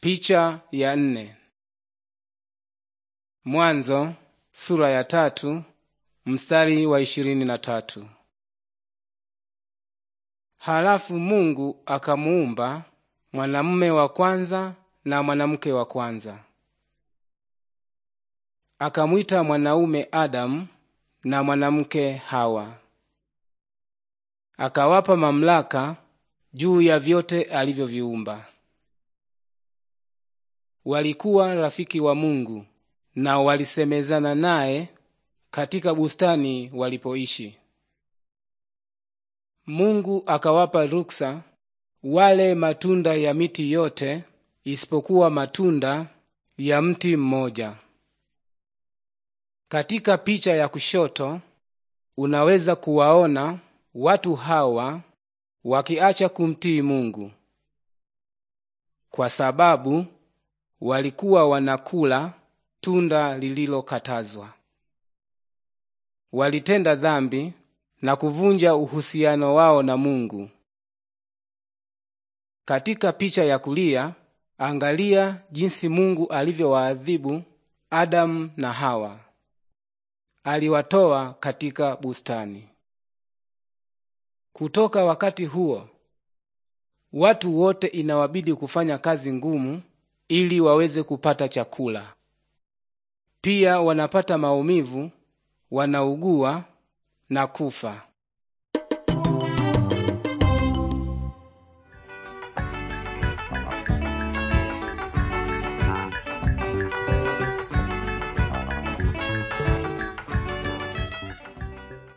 Picha ya nne. Mwanzo sura ya tatu mstari wa ishirini na tatu. Halafu Mungu akamuumba mwanamume wa kwanza na mwanamke wa kwanza. Akamwita mwanaume Adamu na mwanamke Hawa. Akawapa mamlaka juu ya vyote alivyoviumba walikuwa rafiki wa Mungu na walisemezana naye katika bustani walipoishi. Mungu akawapa ruksa wale matunda ya miti yote isipokuwa matunda ya mti mmoja. Katika picha ya kushoto unaweza kuwaona watu hawa wakiacha kumtii Mungu kwa sababu walikuwa wanakula tunda lililokatazwa. Walitenda dhambi na kuvunja uhusiano wao na Mungu. Katika picha ya kulia, angalia jinsi Mungu alivyowaadhibu Adamu na Hawa. Aliwatoa katika bustani. Kutoka wakati huo, watu wote inawabidi kufanya kazi ngumu ili waweze kupata chakula. Pia wanapata maumivu, wanaugua na kufa.